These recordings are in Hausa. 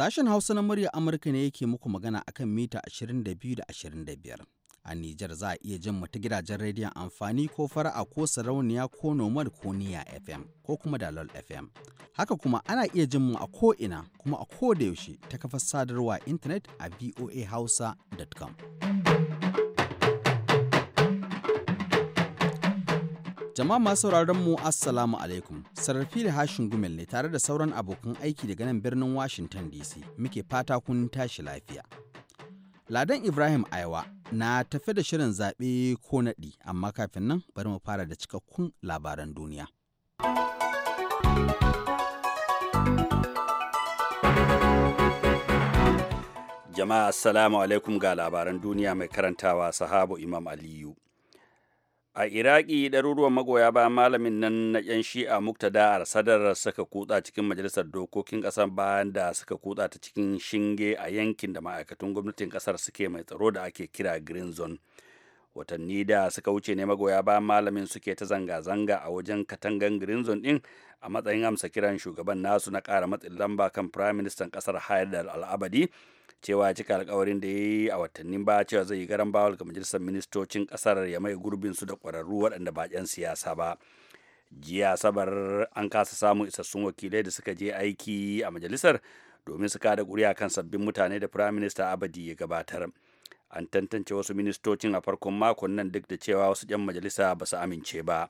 Sashen Hausa na murya Amurka ne yake muku magana akan mita 22 da 25. A Nijar za a iya jin mu ta gidajen rediyon amfani ko fara'a ko sarauniya ko nomad ko niya FM ko kuma dalol FM. Haka kuma ana iya jin mu a ko'ina kuma a ko da yaushe ta kafar sadarwa intanet a voahausa.com. Jama'a masu sauraron mu Assalamu alaikum. da Hashin Gumel ne tare da sauran abokan aiki daga nan birnin Washington DC. Muke fata kun tashi lafiya. Ladan Ibrahim Aiwa na tafi da shirin zaɓe ko naɗi, amma kafin nan bari mu fara da cikakkun labaran duniya. Jama'a Assalamu alaikum ga labaran duniya mai karantawa sahabu Imam Aliyu. a iraki ɗaruruwan magoya ba malamin nan na yan shi'a muktada a sadar suka kutsa cikin majalisar dokokin ƙasar bayan da suka kutsa ta cikin shinge a yankin da ma'aikatan gwamnatin ƙasar suke mai tsaro da ake kira green zone watanni da suka wuce ne magoya ba malamin suke ta zanga-zanga a wajen katangan green zone din a matsayin amsa kiran shugaban nasu na ƙara matsin lamba kan prime ministan ƙasar haidar al'abadi cewa ya cika alkawarin da ya yi a watanni baya cewa zai yi garan bawal ga majalisar ministocin kasar ya mai gurbin su da kwararru waɗanda ba 'yan siyasa ba jiya sabar an kasa samun isassun wakilai da suka je aiki a majalisar domin su kada kuri'a kan sabbin mutane da firayim minista abadi ya gabatar an tantance wasu ministocin a farkon makon nan duk da cewa wasu 'yan majalisa ba su amince ba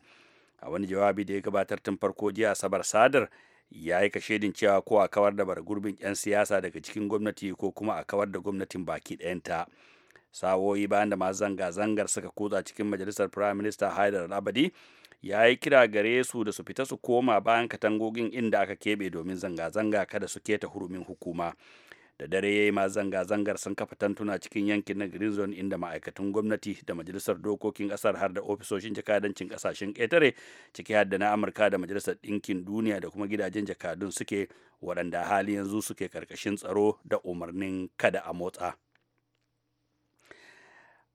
a wani jawabi da ya gabatar tun farko jiya sabar sadar ya yi kashedin cewa ko a kawar da gurbin 'yan siyasa daga cikin gwamnati ko kuma a kawar da gwamnatin baki ɗayanta sawoyi bayan da masu zanga-zangar suka kutsa cikin majalisar prime minister haidar al'abadi ya yi kira gare su da su fita su koma bayan katangogin inda aka keɓe domin zanga-zanga kada su keta hurumin hukuma da dare ya yi ma zanga-zangar sun kafa tantuna cikin yankin na green zone inda ma'aikatan gwamnati da majalisar dokokin kasar har da ofisoshin jakadancin kasashen ƙetare ciki har da na amurka da majalisar ɗinkin duniya da kuma gidajen jakadun suke waɗanda hali yanzu suke karkashin tsaro da umarnin kada a motsa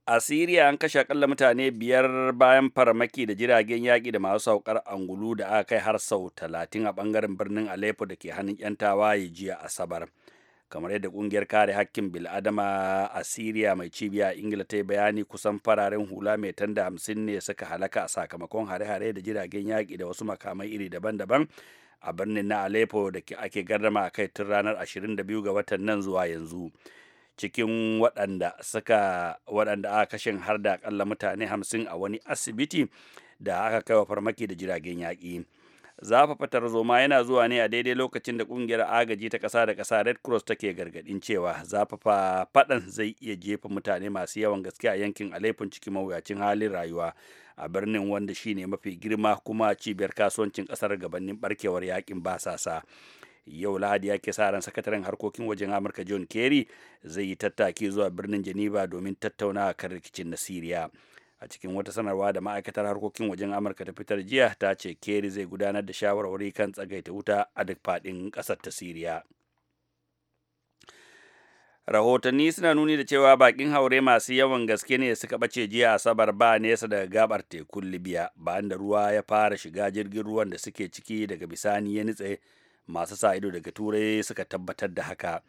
a siriya an kashe akalla mutane biyar bayan farmaki da jiragen yaƙi da masu saukar angulu da aka kai har sau talatin a ɓangaren birnin aleppo da ke hannun 'yan tawaye jiya asabar. kamar yadda kungiyar kare hakkin bil'adama a siriya mai cibiya ingila ta yi bayani kusan fararen hula mai tanda hamsin ne suka halaka a sakamakon hare-hare da jiragen yaƙi da wasu makamai iri daban-daban a birnin na aleppo da ake gardama a kai tun ranar 22 ga watan nan zuwa yanzu cikin waɗanda suka waɗanda aka kashin har da akalla mutane hamsin a wani asibiti da aka kai wa farmaki da jiragen yaƙi zafafa tarzoma yana zuwa ne a daidai lokacin da kungiyar agaji ta kasa da kasa red cross take gargadin cewa zafafa faɗan zai iya jefa mutane masu yawan gaske a yankin alaifin cikin mawuyacin halin rayuwa a birnin wanda shine mafi girma kuma cibiyar kasuwancin kasar gabanin barkewar yakin basasa yau lahadi ya ke sa ran sakataren harkokin wajen amurka john kerry zai yi tattaki zuwa birnin geneva domin tattauna kan rikicin na syria a cikin wata sanarwa da ma'aikatar harkokin wajen amurka ta fitar jiya ta ce keri zai gudanar da shawarwari kan tsagaita wuta a duk faɗin ƙasar ta siriya rahotanni suna nuni da cewa bakin haure masu yawan gaske ne suka bace jiya asabar ba nesa daga gabar tekun libya bayan da ruwa ya fara shiga jirgin ruwan da suke ciki daga bisani ya nitse masu sa ido daga turai suka tabbatar da haka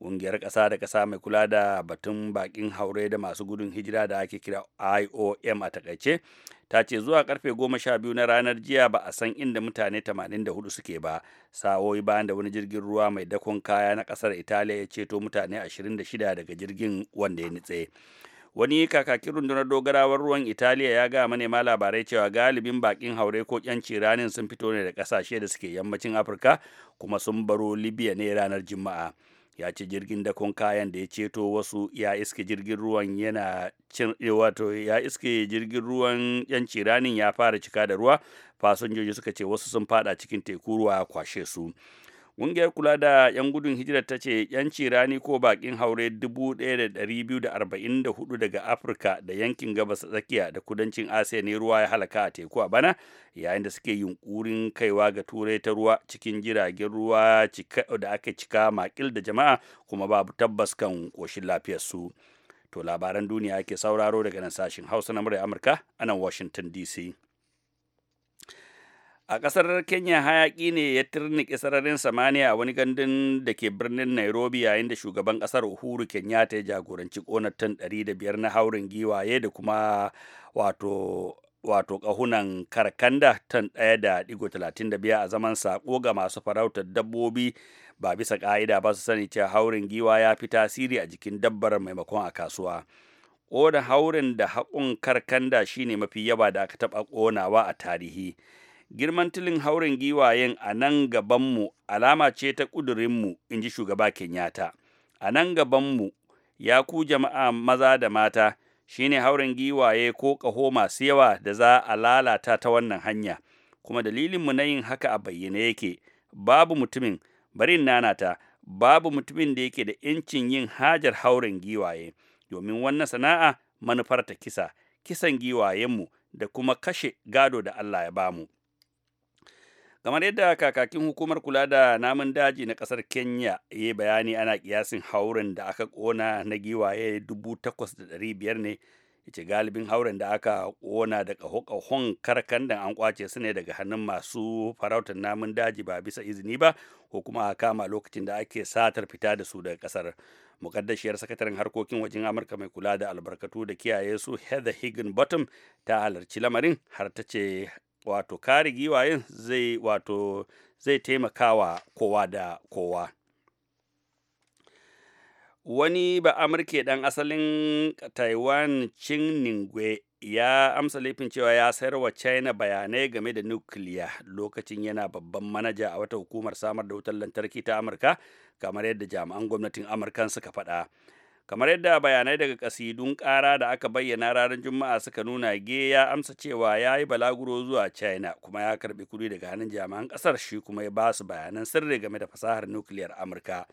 ƙungiyar ƙasa da ƙasa mai kula da batun baƙin haure da masu gudun hijira da ake kira iom a takaice ta ce zuwa karfe goma sha biyu na ranar jiya ba a san inda mutane 84 suke ba sa'o'i bayan da wani jirgin ruwa mai dakon kaya na ƙasar italiya ya ceto mutane 26 daga jirgin wanda ya nitse wani kakakin rundunar dogarawar ruwan italiya ya ga manema labarai cewa galibin bakin haure ko yanci ranin sun fito ne da kasashe da suke yammacin afirka kuma sun baro libya ne ranar juma'a ya ce jirgin dakon kayan da ya ceto wasu ya iske jirgin ruwan yana eh, wato ya iske jirgin ruwan yan ranin ya fara cika da ruwa fasinjoji suka ce wasu sun fada cikin teku ruwa kwashe su Ƙungiyar kula da 'yan gudun hijira ta ce 'yanci rani ko baƙin haure 1,244 daga Afirka da yankin gabas tsakiya da kudancin Asiya ne ruwa ya halaka a teku a bana yayin da suke yunkurin kaiwa ga turai ta ruwa cikin jiragen ruwa da aka cika makil da jama'a kuma babu tabbas kan ƙoshin lafiyarsu. To labaran duniya ake sauraro daga nan sashen Hausa na Amurka a nan Washington DC. a ƙasar kenya hayaƙi ne ya turnike sararin samaniya a wani gandun da ke birnin nairobi yayin da shugaban ƙasar uhuru kenya ta ya jagoranci ƙonar tan 105 na haurin giwaye da kuma wato wato ƙahunan karkanda tan ɗaya da ɗigo talatin sako a zaman sako ga masu farautar dabbobi ba bisa ƙa'ida ba su sani cewa haurin giwa ya fi tasiri a jikin dabbar maimakon a kasuwa ƙona haurin da haƙun karkanda shine mafi yawa da aka taɓa ƙonawa a tarihi girman tilin hauren giwayen a nan gabanmu alama ce ta ƙudurinmu in ji shugaba kenyata a nan gabanmu ya ku jama'a maza da mata shine hauren giwaye ko ƙaho masu yawa da za a lalata ta wannan hanya kuma dalilinmu na yin haka a bayyane yake babu mutumin barin nanata babu mutumin da yake da ‘yancin yin hajar hauren giwaye domin wannan sana'a manufarta kisa kisan giwayenmu da kuma kashe gado da Allah ya bamu. kamar yadda kakakin hukumar kula da namun daji na kasar kenya ya bayani ana kiyasin hauren da aka kona na giwaye 8,500 ne ce galibin hauren da aka kona da kahon karkan da an kwace su ne daga hannun masu farautar namun daji ba bisa izini ba ko kuma a kama lokacin da ake satar fita da su daga kasar mukaddashiyar sakataren harkokin wajen amurka mai kula da albarkatu da kiyaye su heather higginbottom ta halarci lamarin har ta ce wato kare giwayen zai wato zai taimakawa kowa da kowa wani ba amurke dan asalin taiwan cin ningwe ya amsa laifin cewa ya sayar wa china bayanai game da nukiliya lokacin yana babban manaja a wata hukumar samar da wutar lantarki ta amurka kamar yadda jami'an gwamnatin amurka suka faɗa kamar yadda bayanai daga kasidun kara da aka bayyana ranar juma'a suka nuna ge ya amsa cewa ya yi balaguro zuwa china kuma ya karbi kuɗi daga hannun jami'an ƙasar shi kuma ya basu bayanan sirri game da fasahar nukiliyar amurka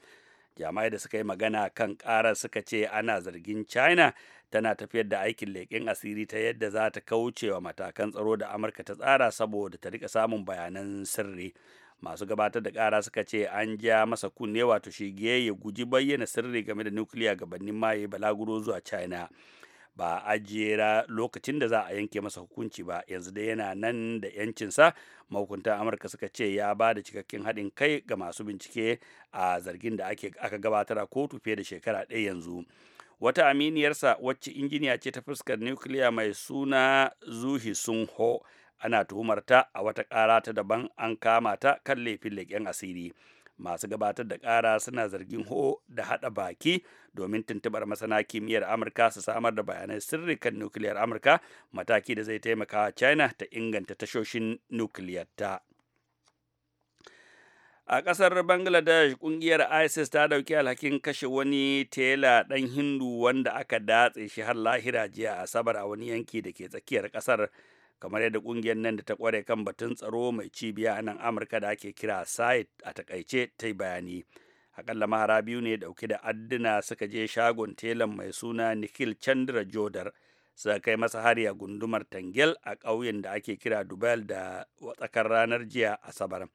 jami'ai da suka yi magana kan ƙarar suka ce ana zargin china tana tafiyar da aikin leƙen asiri ta yadda za ta kauce wa matakan tsaro da amurka ta tsara saboda ta rika samun bayanan sirri masu gabatar da kara suka ce an ja masa kunne wato shige ya guji bayyana sirri game da nukiliya gabanin maye balaguro zuwa china ba a jera lokacin da za a yanke masa hukunci ba yanzu dai yana nan da yancinsa mahukunta amurka suka ce ya ba da cikakken haɗin kai ga masu bincike a zargin da aka gabatar a kotu fiye da shekara ɗaya yanzu wata aminiyarsa wacce injiniya ce ta fuskar nukiliya mai suna zuhi sun ho ana tuhumar ta a wata ƙara ta daban an kama ta kan laifin leƙen asiri masu gabatar da ƙara suna zargin ho da haɗa baki domin tuntubar masana kimiyyar amurka su samar da bayanai sirri kan nukiliyar amurka mataki da zai taimaka china ta inganta tashoshin nukiliyar ta a ƙasar bangladesh ƙungiyar isis ta ɗauki alhakin kashe wani tela ɗan hindu wanda aka datse shi har lahira jiya a asabar a wani yanki da ke tsakiyar ƙasar kamar yadda kungiyar nan da ta kware kan batun tsaro mai cibiya a nan amurka da ake kira site a takaice ta bayani akalla mahara biyu ne dauke da adduna suka je shagon telan mai suna nikhil chandra jodar suka kai masa hari a gundumar tangel a ƙauyen da ake kira dubal da tsakar ranar jiya asabar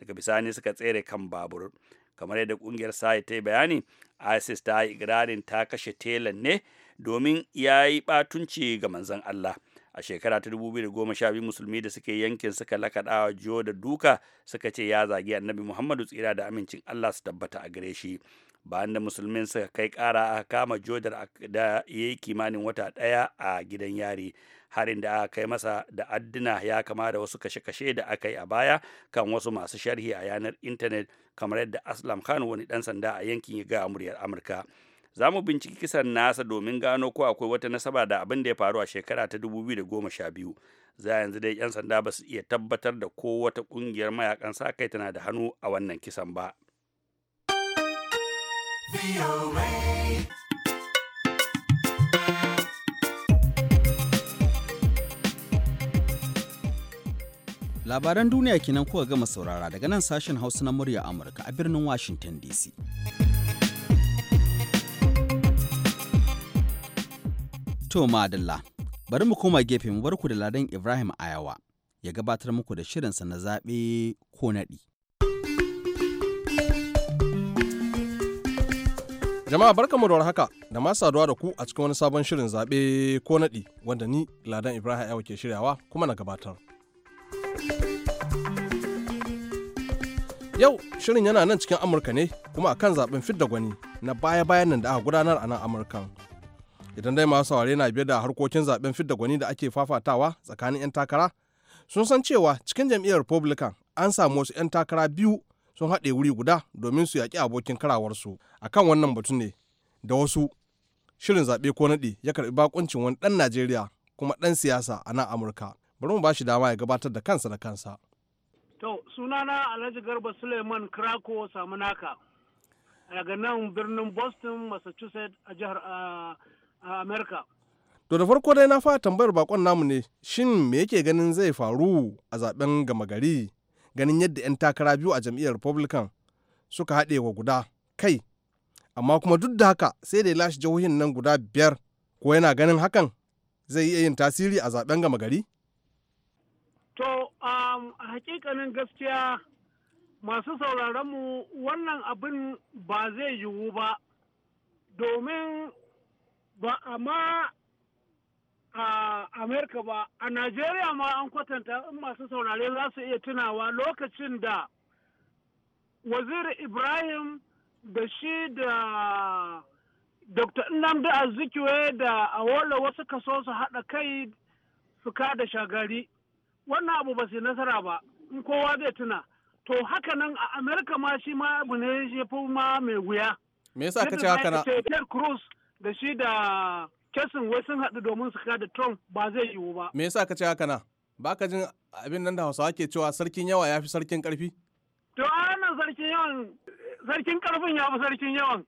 daga bisani suka tsere kan babur kamar yadda kungiyar sai ta bayani isis ta yi ikirarin ta kashe telan ne domin ya yi batunci ga manzon allah a shekara ta 2012 musulmi da suke yankin suka lakaɗa jiyo da duka suka ce ya zagi annabi muhammadu tsira da amincin allah su tabbata a gare shi bayan da musulmin suka kai kara a kama jodar da ya yi kimanin wata ɗaya a gidan yari harin da aka kai masa da adduna ya kama da wasu kashe-kashe da aka yi a baya kan wasu masu sharhi a yanar intanet kamar yadda aslam kan wani dan sanda a yankin ya ga muryar amurka za mu binciki kisan nasa domin gano ko akwai wata nasaba da abin da ya faru a shekara ta 2012 za yanzu dai 'yan sanda ba su iya tabbatar da ko wata kungiyar mayakan sa kai tana da hannu a wannan kisan ba labaran duniya kenan kuka gama saurara daga nan sashen hausa na murya amurka a birnin washington dc To madalla, bari mu koma gefen mu barku da ladan Ibrahim Ayawa ya gabatar muku da shirinsa na zaɓe ko naɗi. Jama'a barkamu da haka da ma saduwa da ku a cikin wani sabon shirin zaɓe ko naɗi wanda ni Ladan Ibrahim Ayawa ke shiryawa kuma na gabatar. Yau shirin yana nan cikin Amurka ne kuma akan zaɓen fidda gwani na baya-bayan nan da aka gudanar a nan Amurkan idan dai masu saurare na biye da harkokin zaben fidda gwani da ake fafatawa tsakanin 'yan takara sun san cewa cikin jam'iyyar republican an samu wasu 'yan takara biyu sun haɗe wuri guda domin su yaƙi abokin karawarsu kan wannan batu ne da wasu shirin zaɓe ko naɗe ya karɓi bakuncin wani ɗan najeriya kuma ɗan siyasa a nan amurka bari mu ba shi dama ya gabatar da kansa da kansa to sunana alhaji garba suleiman krako samunaka daga nan birnin boston massachusetts a jihar a Amerika. To da farko dai na fara tambayar bakon namu ne shin me yake ganin zai faru a zaben gama gari ganin yadda 'yan takara biyu a jam'iyyar Republican suka haɗe wa guda kai amma kuma duk da haka sai da ya lashe jihohin nan guda biyar ko yana ganin hakan zai iya yin tasiri a zaben gama gari? To um, a hakikanin gaskiya masu sauraronmu wannan abin ba zai yiwu ba domin ba a ma a Amerika ba, a Najeriya ma an kwatanta in masu saurare za su iya tunawa lokacin da waziri Ibrahim da shi da Dr. Nnamdi Azikiwe da Awola wasu kaso su haɗa kai su da shagari. Wannan abu ba su nasara ba, in kowa zai tuna. To haka nan a Amerika ma shi ma abu ne ya fi ma mai wuya. Me yasa ka ce haka da shi da kesin wai sun haɗu domin su da Trump ba zai yiwu ba. Me yasa ka ce haka na? Ba ka jin abin nan da Hausawa ke cewa sarkin yawa ya fi sarkin ƙarfi? To a wannan sarkin yawan sarkin ƙarfin ya fi sarkin yawan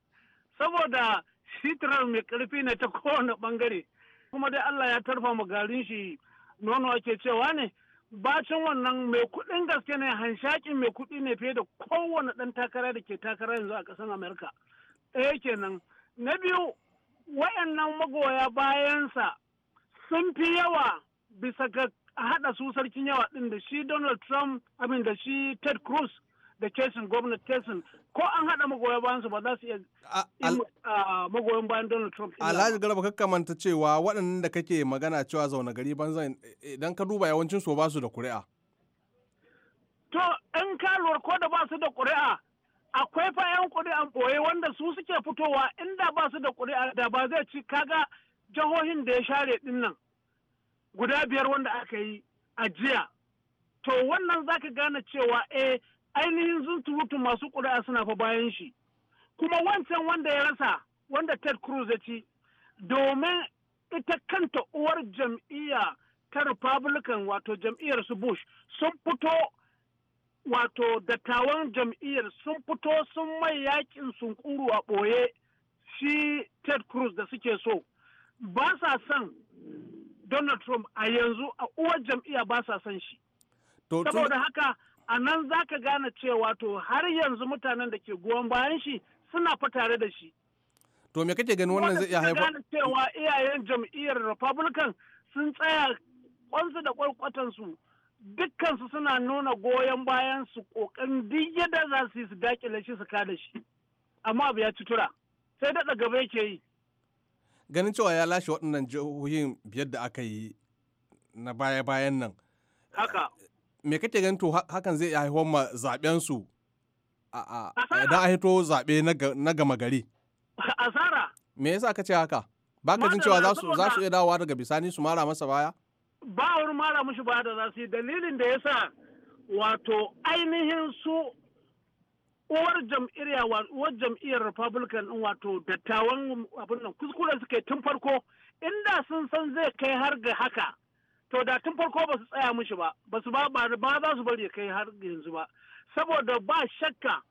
saboda shi Trump mai ƙarfi ne ta kowane ɓangare. Kuma dai Allah ya tarfa mu garin shi nono ake cewa ne bacin wannan mai kuɗin gaske ne hanshakin mai kuɗi ne fiye da kowane ɗan takara da ke takara yanzu a ƙasar Amerika. Ɗaya kenan. Na biyu waɗannan magoya bayansa sun fi yawa bisa ga haɗa su sarkin yawa ɗin da shi Donald Trump, abin da shi Ted Cruz da kesin gwamnati kesin ko an haɗa magoya bayansa ba za su iya magoyan bayan Donald Trump. Alhaji Garba kakka manta cewa waɗannan da kake magana cewa zaune gari banzan eh, idan ka duba yawancin su ba su da kuri'a. To in ka lura ko da ba su da kuri'a akwai fa 'yan ƙuri'an ɓoye wanda su suke fitowa inda ba su da ƙuri'a da ba zai ci kaga jahohin da ya share ɗin nan guda biyar wanda aka yi a jiya to wannan za ka gane cewa eh ainihin zuturutu masu ƙuri'a suna fa bayan shi kuma wancan wanda ya rasa wanda ted cruz ya ci domin ita kanta uwar jam'iyya ta republican wato jam'iyyar su bush sun fito wato dattawan jam'iyyar sun fito sun mai yakin sunkuru a ɓoye shi ted cruz da suke so ba sa son donald trump a yanzu a uwar jam'iyya ba sa son shi saboda haka a nan za ka gane cewa to har yanzu mutanen da ke goyon bayan shi suna fa tare da shi to me kake ganin wannan zai iya haifar gane cewa iyayen jam'iyyar republican sun tsaya kwansu da kwarkwatansu dukkansu suna nuna goyon bayan su kokarin duk yadda za su yi su dakile shi su kada shi amma abu ya tutura sai da gaba yake yi ganin cewa ya lashe waɗannan jihohin biyar da aka yi na baya-bayan nan haka me kake ganin to hakan zai iya haihuwar ma zaben su a a hito zabe na gama gari asara me yasa ka ce haka baka jin cewa za su iya dawowa daga bisani su mara masa baya ba wani mara mushi ba da za yi dalilin da ya sa wato ainihin su uwar jam'iyyar uwar jam'iyyar republican wato dattawan abin nan kuskure suke tun farko inda sun san zai kai har ga haka to da tun farko ba su tsaya mushi ba ba su ba ba za su bari kai har yanzu ba saboda ba shakka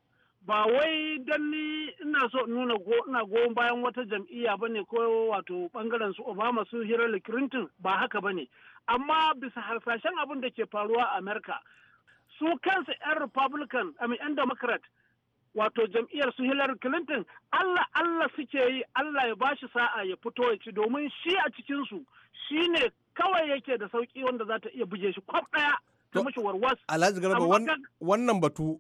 ba wai dan ni ina so nuna go ina go bayan wata jam'iyya bane ko wato bangaren su Obama su Hillary Clinton ba haka ba ne amma bisa harsashen abin da ke faruwa a America su kansu 'yan Republican I mean 'yan Democrat wato jam'iyyar su Hillary Clinton Allah Allah suke yi Allah ya bashi sa'a ya fito ya ci domin shi a cikinsu shi ne kawai yake da sauki wanda za ta iya buge shi kwaf daya ta mishi warwas Alhaji Garba wannan batu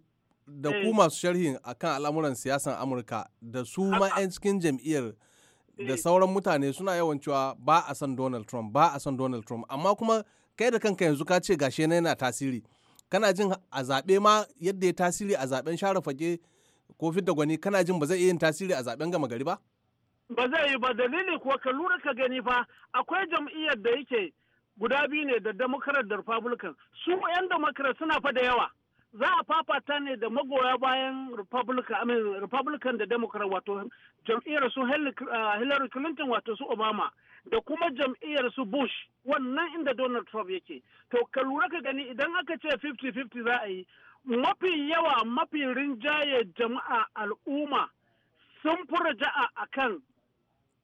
da ku eh. masu sharhin akan al'amuran siyasan amurka da su ma 'yan cikin jam'iyyar da eh. sauran mutane suna yawan cewa ba a san donald trump ba a san donald trump amma kuma kai da kanka yanzu ka ce gashe na yana tasiri kana jin a zaɓe ma yadda ya tasiri a zaɓen share fage ko fidda gwani kana jin ba zai iya yin tasiri a zaɓen gama gari ba ba zai yi ba dalili kuwa ka lura ka gani fa akwai jam'iyyar da yake guda biyu ne da democrat da republican su 'yan democrat suna fa da yawa za a fafata ne da magoya bayan republican da democrat wato jam'iyyar su uh, hillary clinton wato su obama da kuma jam'iyyar su bush wannan inda donald trump yake to ka lura ka gani idan aka ce 50-50 za a yi mafi yawa mafi rinjaye jama'a al'umma sun fi raja'a a kan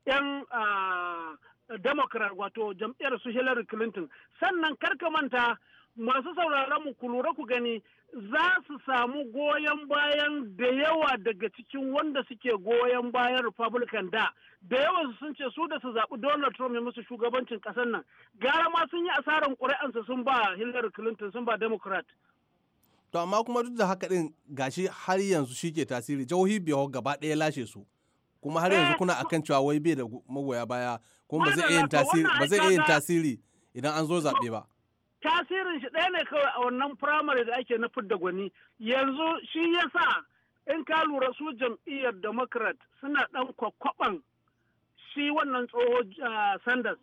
'yan uh, democrat wato jam'iyyar su hillary clinton sannan karka manta masu sauraron mu ku lura ku gani za su samu goyon bayan da yawa daga cikin wanda suke goyon bayan republican da da yawa sun ce su da su zaɓi donald trump ya musu shugabancin ƙasar nan gara ma sun yi asarar ƙuri'ansa sun ba hillary clinton sun ba democrat to amma kuma duk da haka din gashi har yanzu shi ke tasiri jahohi biyar gaba ɗaya lashe su kuma har yanzu eh, kuna akan cewa wai bai da magoya baya kuma ba zai iya yin tasiri idan an zo zaɓe ba tasirin shi ɗaya ne kawai a wannan firamare da ake na fidda gwani yanzu shi ya sa in ka lura su jam'iyyar democrat suna ɗan kwakwaban shi wannan tsoho sanders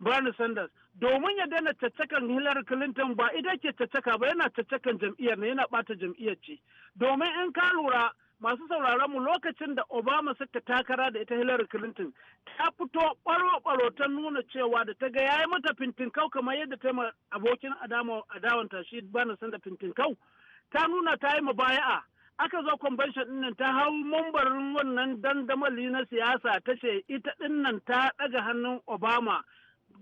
Bernie Sanders domin ya daina caccakan Hillary Clinton ba ita ke caccaka ba yana caccakan jam'iyyar ne yana bata jam'iyyar ce domin in ka lura masu sauraron mu lokacin da Obama suka takara da ita Hillary Clinton ta fito ɓaro baro ta nuna cewa da ta ga ya yi mata fintinkau kamar yadda ta abokin adawanta shi bana sanda fintinkau ta nuna ta yi mabaya'a aka zo convention din ta hau mambarin wannan dandamali na siyasa ta ce ita din nan ta ɗaga hannun Obama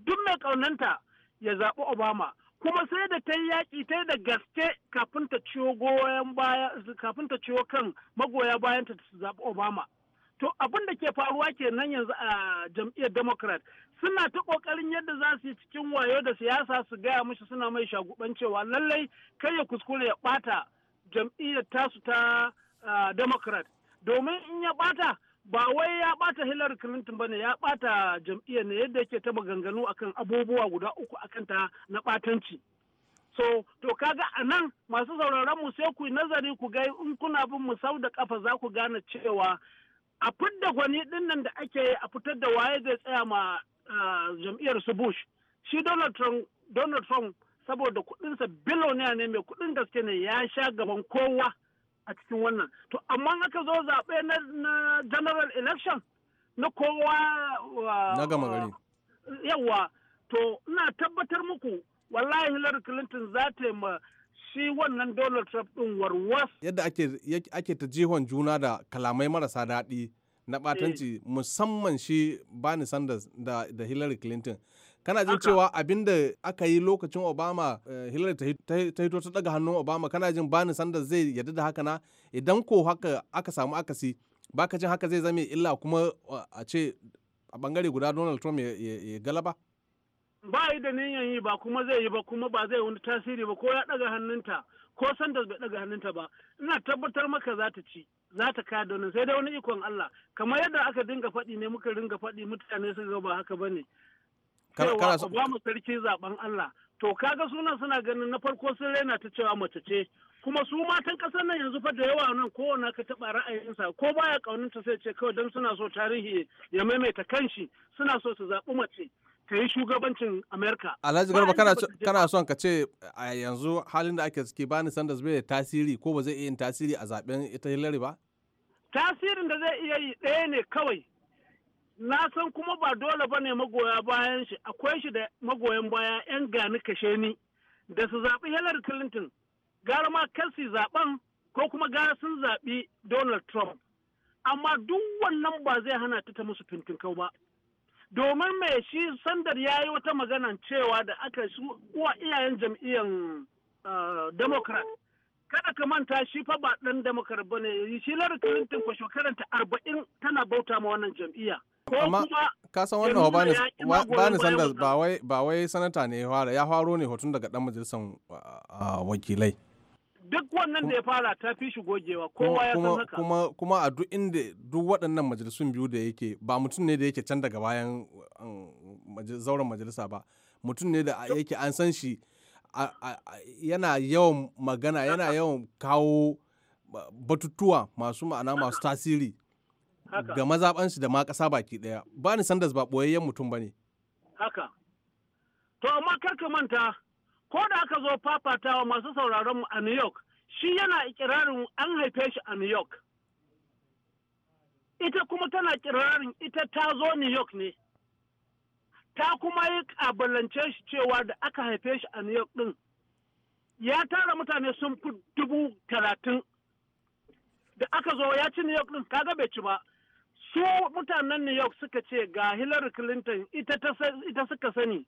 duk mai ƙaunanta ya zaɓi Obama kuma sai da ta yi yaƙi ta da gaske kafin ta ciwo goyon baya kafin ta ciwo kan magoya bayan ta zaɓi Obama. To abin da ke faruwa ke nan yanzu a jam'iyyar Democrat suna ta ƙoƙarin yadda za su yi cikin wayo da siyasa su gaya mishi suna mai shaguɓan cewa lallai kai ya kuskure ya ɓata jam'iyyar tasu ta ah, Democrat domin in ya ɓata ba wai ya bata Hillary Clinton bane ya bata jam'iyyar ne yadda yake ta maganganu akan abubuwa guda uku akan ta na batanci so to kaga a nan masu sauraron mu sai ku nazari ku ga in kuna bin mu sau da kafa za ku gane cewa a fidda gwani din da ake yi a fitar da waye zai tsaya ma jam'iyyar su Bush shi Donald Trump Donald Trump saboda kudinsa biloniya ne mai kudin gaske ne ya sha gaban kowa a cikin wannan to amma aka zo zaɓe na general election na kowa na gama gari yawa to ina tabbatar muku wallahi hillary clinton za ta yi ma shi wannan donald trump din warwas yadda ake ta jihon juna da kalamai marasa daɗi na batanci eh. musamman shi bani sanders da hillary clinton kana jin cewa abin da aka yi lokacin obama eh, hillary ta hito ta daga hannun obama kana jin bani sanda zai yadda da haka na idan ko haka aka samu akasi baka jin haka zai zame illa kuma eh, a ce a bangare guda donald trump ya galaba ba yi da niyan yi ba kuma zai yi ba kuma ba zai wani tasiri ba ko ya daga hannunta ko sanders bai daga hannunta ba ina tabbatar maka za ta ci za ta kaya donin sai da wani ikon Allah kamar yadda aka dinga faɗi ne muka ringa faɗi mutane su ga ba haka ne. sarki zaben Allah to kaga ga suna ganin na farko sun raina ta cewa mace ce kuma su matan ƙasar nan yanzu fa da yawa nan kowanne ka taɓa ra'ayinsa ko baya ƙauninta sai ce kawai don suna so tarihi ya maimaita kanshi suna so su zaɓi mace ta yi shugabancin Amerika. Alhaji Garba kana son ka ce a yanzu halin da ake ciki bani Sanders bai da tasiri ko ba zai iya yin tasiri a zaben ita Hillary ba? Tasirin da zai iya yi ɗaya ne kawai na san kuma ba dole ba ne magoya bayan shi akwai shi da magoyan baya 'yan gani kashe ni da su zaɓi Hillary Clinton gara ma kasi zaɓen ko kuma gara sun zaɓi Donald Trump. Amma duk wannan ba zai hana ta ta musu fintinkau ba. Domin mai shi sandar ya yi wata magana cewa da aka su uwa iyayen jam'iyyar ah, Democrat. Kada ka manta shi fa ba ɗan Democrat ba ne, shi Hillary Clinton ko shekaranta arba'in tana bauta ma wannan jam'iyya. amma ka san wannan ba ni sanders ba wai ba wai sanata ne ya fara ya faro ne hoton daga dan majalisar ah, ah, wakilai duk wannan da ya fara ta fi shi gogewa kowa ya san haka kuma kuma a duk inda duk waɗannan majalisun biyu da yake ba mutum ne da yake can daga bayan um, zauren majalisa ba mutum ne da yake an san shi yana yawan magana yana yawan kawo batutuwa masu ma'ana masu tasiri ga mazaɓansu da ma ƙasa baki ɗaya ba bani sanders ba ɓoyayyen mutum ba ne haka to amma karka manta ko da aka zo fafatawa masu sauraron mu a new york shi yana ikirarin an haife shi a new york ita kuma tana kirarin ita ta zo new york ne ta kuma yi kabalance shi cewa da aka haife shi a new york din ya tara mutane sun fi dubu talatin da aka zo ya ci new york din kaga bai ci ba su mutanen New York suka ce ga Hillary Clinton ita suka sani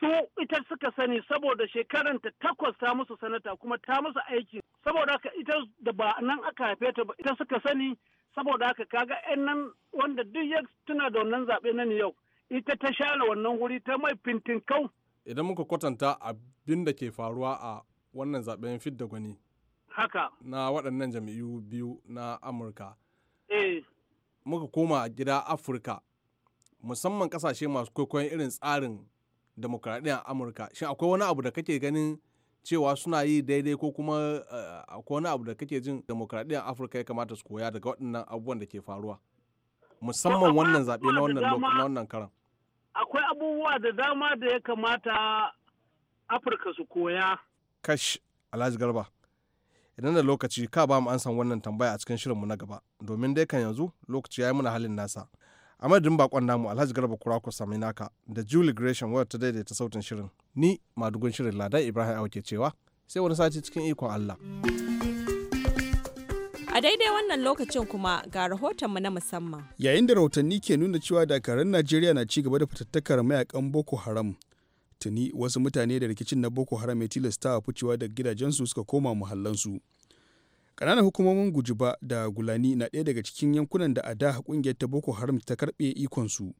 su ita suka sani saboda shekaranta takwas ta musu sanata kuma ta musu aiki saboda haka ita da ba nan aka haife ta ba ita suka sani saboda haka kaga yan nan wanda duk ya tuna da wannan zaɓe na New York ita ta share wannan wuri ta mai fintin kau idan muka kwatanta abin da ke faruwa a wannan zaɓen fidda gwani haka na waɗannan jam'iyyu biyu na Amurka eh muka koma gida afirka musamman kasashe masu kwaikwayon irin tsarin a amurka shi akwai wani abu da kake ganin cewa suna yi daidai ko kuma eh, akwai wani abu da kake jin demokradiyyar afirka ya kamata su koya daga waɗannan abubuwan da ke faruwa musamman wannan zaɓe na wannan karan akwai abubuwa da dama da ya kamata afirka su koya kash alhaji garba idan da lokaci ka ba mu san wannan tambaya a cikin shirinmu na gaba domin dai kan yanzu lokaci ya yi muna halin nasa a madadin bakon namu alhaji garba kurako saminaka da julie gresham wadda ta daidaita sautin shirin ni madugun shirin ladan ibrahim awa ke cewa sai wani sati cikin ikon allah a daidai wannan lokacin kuma ga rahotonmu na musamman yayin da rahotanni ke nuna cewa dakarun najeriya na ci gaba da fitattakar mayakan boko haram tuni wasu mutane da rikicin na boko haram ya tilasta ficewa daga gidajensu suka koma muhallansu ƙananan hukumomin gujiba da gulani na ɗaya daga cikin yankunan da a da ƙungiyar ta boko haram ta karɓe ikonsu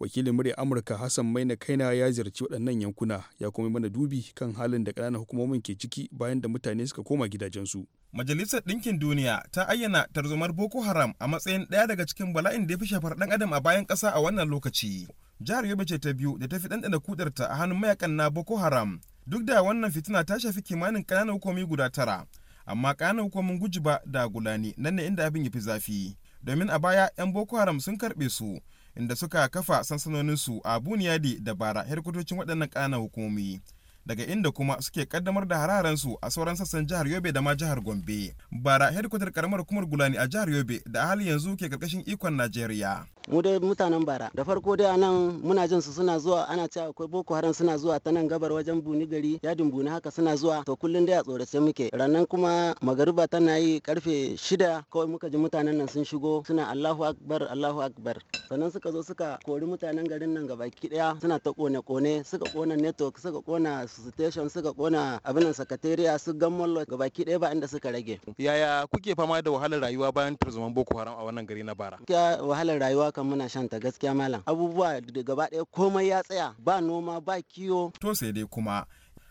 wakilin murya amurka hassan maina kaina ya ziyarci waɗannan yankuna ya kuma mana dubi kan halin da ƙananan hukumomin ke ciki bayan da mutane suka koma gidajensu majalisar ɗinkin duniya ta ayyana tarzomar boko haram a matsayin ɗaya daga cikin bala'in da ya fi shafar ɗan adam a bayan ƙasa a wannan lokaci jihar yobe ce ta biyu da ta fi ɗanɗana kudarta a hannun mayakan na boko haram duk da wannan fitina ta shafi kimanin ƙananan hukumi guda tara amma ƙananan hukumin ba da gulani nan ne inda abin ya fi zafi domin a baya 'yan boko haram sun karɓe su inda suka kafa sansanoninsu a buniyadi da bara herkutocin waɗannan ƙananan hukumomi daga inda kuma suke kaddamar da hararansu a sauran sassan jihar yobe da ma jihar gombe bara hedkwatar karamar hukumar gulani a jihar yobe da hali yanzu ke karkashin ikon najeriya mu dai mutanen bara da farko dai anan muna jin su suna zuwa ana cewa akwai boko haram suna zuwa ta nan gabar wajen buni gari yadin buni haka suna zuwa to kullun dai a tsorace muke ranan kuma magariba tana yi karfe shida kawai muka ji mutanen nan sun shigo suna allahu akbar allahu akbar sannan suka zo suka kori mutanen garin nan gabaki daya suna ta kone kone suka kona network suka kona station suka kona abin nan secretariat su gammalo gabaki daya ba inda suka rage yaya kuke fama da wahalar rayuwa bayan tarzoman boko haram a wannan gari na bara wahalar rayuwa kan muna shan ta gaskiya malam abubuwa da gaba ɗaya komai ya tsaya ba noma ba kiwo to sai dai kuma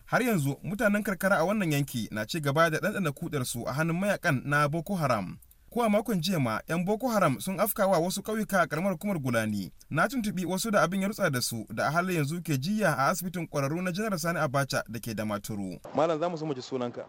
har yanzu mutanen karkara a wannan yanki na ci gaba da ɗanɗana kudarsu a hannun mayakan na boko haram ko a makon jiya ma 'yan boko haram sun afkawa wasu ƙauyuka a karamar hukumar gulani na tuntubi wasu da abin ya rutsa da su da a halin yanzu ke jiya a asibitin kwararru na janar sani abacha da ke damaturu malam za mu so mu ji sunanka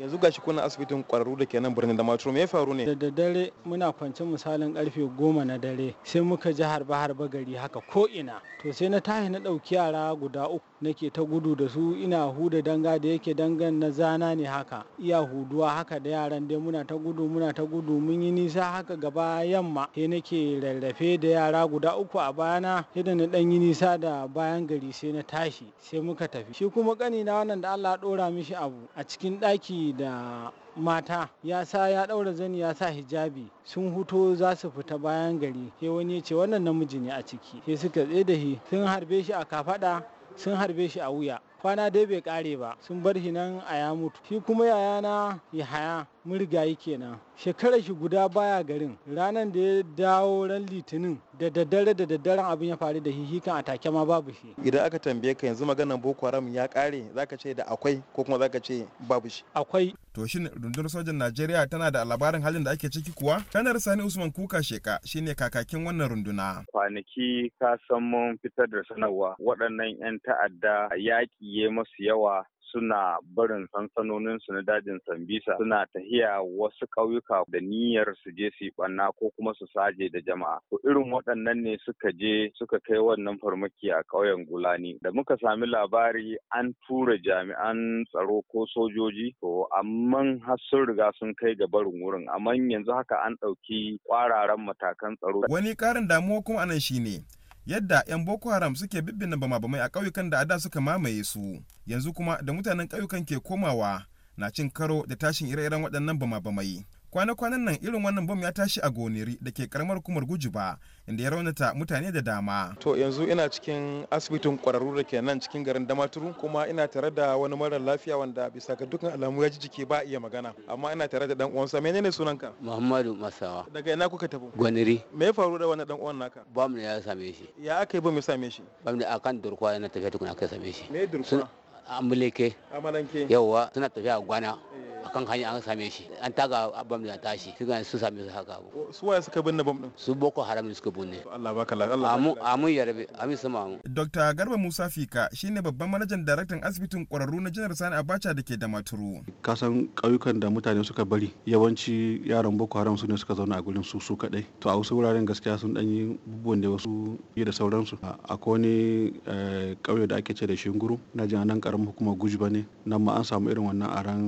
yanzu gashi kuna asibitin ƙwararru da ke nan birnin damaturu me ya faru ne da daddare muna kwance misalin karfe goma na dare sai muka ji harba harba gari haka ko ina to sai na tashi na ɗauki yara guda uku nake ta gudu da su ina huda danga da yake dangan na zana ne haka iya huduwa haka da yaran dai muna ta gudu muna ta gudu mun yi nisa haka gaba yamma sai nake rarrafe da yara guda uku a bayana yadda na dan yi nisa da bayan gari sai na tashi sai muka tafi shi kuma kani na wannan da Allah dora mishi abu a cikin daki da mata ya sa ya ɗaura zani ya sa hijabi sun huto za su fita bayan gari sai wani ya ce wannan namiji ne a ciki sai suka tsaye da shi sun harbe shi a kafada sun harbe shi a wuya kwana dai bai kare ba sun bar shi nan a ya mutu shi kuma yayana ya haya murgayi kenan shekarar shi guda baya garin ranar da ya dawo ran litinin da daddare da daddaren abin ya faru da hihikan atake ma babu shi idan aka tambaye ka yanzu maganar boko haram ya kare zaka ce da akwai ko kuma zaka ce babu shi akwai to shin rundunar sojan najeriya tana da labarin halin da ake ciki kuwa kanar sani usman kuka sheka shine kakakin wannan runduna kwanaki ka san mun fitar da sanarwa waɗannan yan ta'adda yaƙi ya masu yawa suna barin sansanoninsu na dajin Sambisa suna tahiya wasu ƙauyuka da niyyar su je su yi ɓanna ko kuma su saje da jama'a. To irin waɗannan ne suka je suka kai wannan farmaki a ƙauyen Gulani. Da muka sami labari an tura jami'an tsaro ko sojoji to amma har sun riga sun kai ga barin wurin amma yanzu haka an ɗauki kwararan matakan tsaro. Wani ƙarin damuwa kuma anan shine yadda 'yan boko haram suke bibbina bama-bamai a ƙauyukan da ada suka mamaye su yanzu kuma da mutanen ƙauyukan ke komawa na cin karo da tashin ire-iren waɗannan bama-bamai kwana-kwanan nan irin wannan bom ya tashi a goniri da ke karamar kumar guji ba inda ya raunata mutane da dama to yanzu ina cikin asibitin kwararru da ke nan cikin garin damaturu kuma ina tare da wani marar lafiya wanda bisa ga dukkan alamu ya ji jiki ba iya magana amma ina tare da dan uwansa menene sunanka muhammadu masawa daga ina kuka tafi goniri me ya faru da wani dan uwan naka bam ne ya same shi ya aka yi bam ya same shi bam ne akan durkwa na tafiya tukuna aka same shi me durkwa amuleke amalanke yawa suna tafiya gwana eh. kan hanya an same shi an taga bam da tashi su ga su same su haka abu su waye suka binne bam din su boko haram suka binne Allah baka lafiya Allah amu amu ya rabe amin sama amu Dr. Garba Musa Fika shine babban manajan daraktan asibitin kwararru na Janar Sani Abacha dake da Maturu ka san kauyukan da mutane suka bari yawanci yaran boko haram su ne suka zauna a gurin su su kadai to a wasu wuraren gaskiya sun danyi yi bubuwan da wasu yi da sauransu akwai wani kauye eh, da ake ce da shinguru na jin nan karamin hukumar guji ba ne nan ma an samu irin wannan aran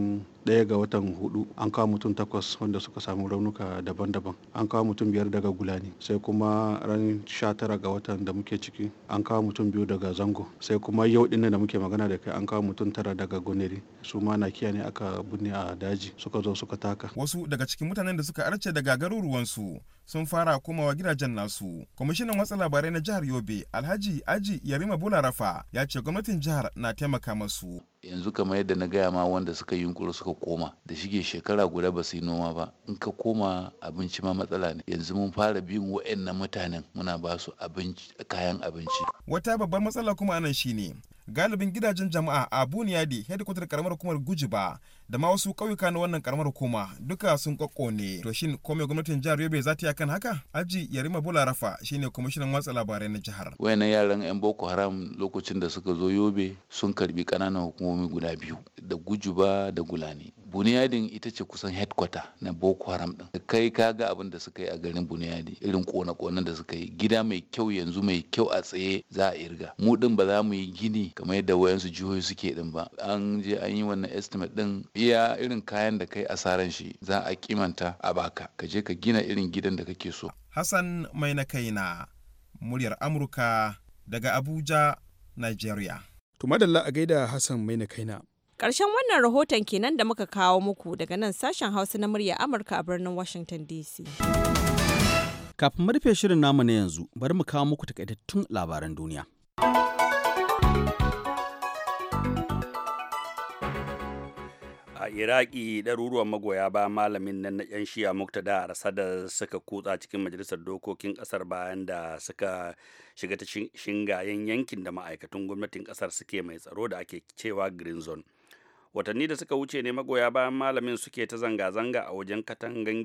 daya ga watan hudu an kawo mutum takwas wanda suka samu raunuka daban-daban an kawo mutum biyar daga gulani sai kuma ran sha tara ga watan da muke ciki an kawo mutum biyu daga zango sai kuma yau ɗin da muke magana da kai an kawo mutum tara daga goneri su ma na kiya ne aka binne a daji suka zo suka taka wasu daga cikin mutanen da suka arce daga garuruwansu sun fara komawa gidajen nasu kwamishinan watsa labarai na jihar yobe alhaji aji yarima bularafa ya ce gwamnatin jihar na taimaka masu yanzu kamar yadda na gaya ma wanda suka yi yunkuru suka koma da shige shekara guda ba su yi noma ba in ka koma abinci ma matsala ne yanzu mun fara bin wa'annan mutanen muna ba su kayan abinci wata babbar matsala kuma anan shine galibin gidajen jama'a a buniyadi hedikwatar karamar hukumar ba. da ma wasu ƙauyuka na wannan karamar hukuma duka sun ne to shin kome gwamnatin jihar yobe za ta yi akan haka aji yarima rafa shine kwamishinan watsa labarai na jihar wayannan yaran yan boko haram lokacin da suka zo yobe sun karbi kananan hukumomi guda biyu da gujuba da gulani buniyadin ita ce kusan headquarter na boko haram ɗin. da kai ga abin da suka yi a garin buniyadi irin kona konan da suka yi gida mai kyau yanzu mai kyau a tsaye za a irga mu ɗin ba za mu yi gini kamar yadda wayansu jihohi suke din ba an je an yi wannan estimate din iya irin kayan da kai asaran shi za a kimanta a baka ka je ka gina irin gidan da kake so hassan mai na kaina muryar amurka daga abuja nigeria to madalla a gaida hassan mai na kaina Ƙarshen wannan rahoton kenan da muka kawo muku daga nan sashen Hausa na murya Amurka a birnin Washington DC. Kafin rufe shirin namu na yanzu, bari mu kawo muku takaitattun labaran duniya. a iraki ɗaruruwan magoya ba malamin nan na 'yan shiya muktada a da suka kutsa cikin majalisar dokokin ƙasar bayan da suka shiga ta shingayen yankin da ma'aikatan gwamnatin ƙasar suke mai tsaro da ake cewa green zone watanni da suka wuce ne magoya bayan malamin suke ta zanga-zanga a wajen katangan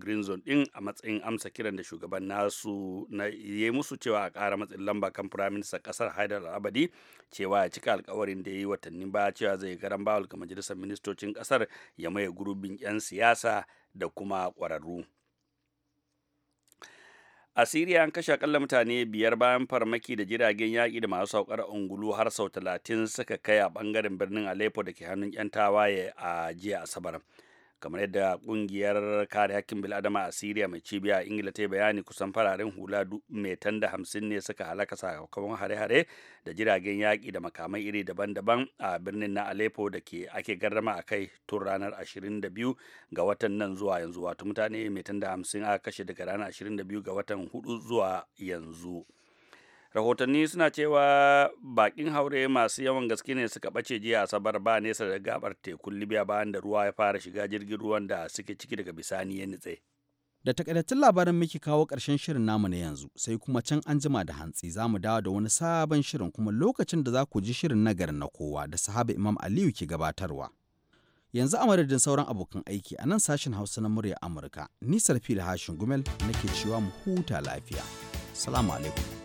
green zone din a matsayin amsa kiran da shugaban nasu na yi musu cewa a kara matsin lamba kan firaministan ƙasar haidar abadi cewa ya cika alkawarin da ya yi watanni ba cewa zai garan bawul ga majalisar ministocin ƙasar ya maye gurbin 'yan siyasa da kuma kwararru. a siriya an kashe akalla mutane biyar bayan farmaki da jiragen yaƙi da masu saukar ungulu har sau talatin suka kai a ɓangaren birnin aleppo da ke hannun 'yan tawaye a jiya asabar kamar yadda kungiyar kare hakkin bil'adama a siriya mai cibiya a ingila ta bayani kusan fararen hula mai tanda hamsin ne suka halaka sakamakon hare-hare da jiragen yaƙi da makamai iri daban-daban a birnin na aleppo da ke ake garrama a kai tun ranar 22 ga watan nan zuwa yanzu wato mutane mai tanda hamsin aka kashe daga ranar 22 ga watan hudu zuwa yanzu. rahotanni suna cewa bakin haure masu yawan gaske ne suka bace jiya asabar ba nesa da gabar tekun libya bayan da ruwa ya fara shiga jirgin ruwan da suke ciki daga bisani ya nitse da takaitattun labaran muke kawo karshen shirin namu na yanzu sai kuma can an jima da hantsi za mu dawo da wani sabon shirin kuma lokacin da za ku ji shirin na garin na kowa da sahaba imam aliyu ke gabatarwa yanzu a madadin sauran abokan aiki a nan sashen hausa na murya amurka nisar fili hashin gumel nake cewa mu huta lafiya salamu alaikum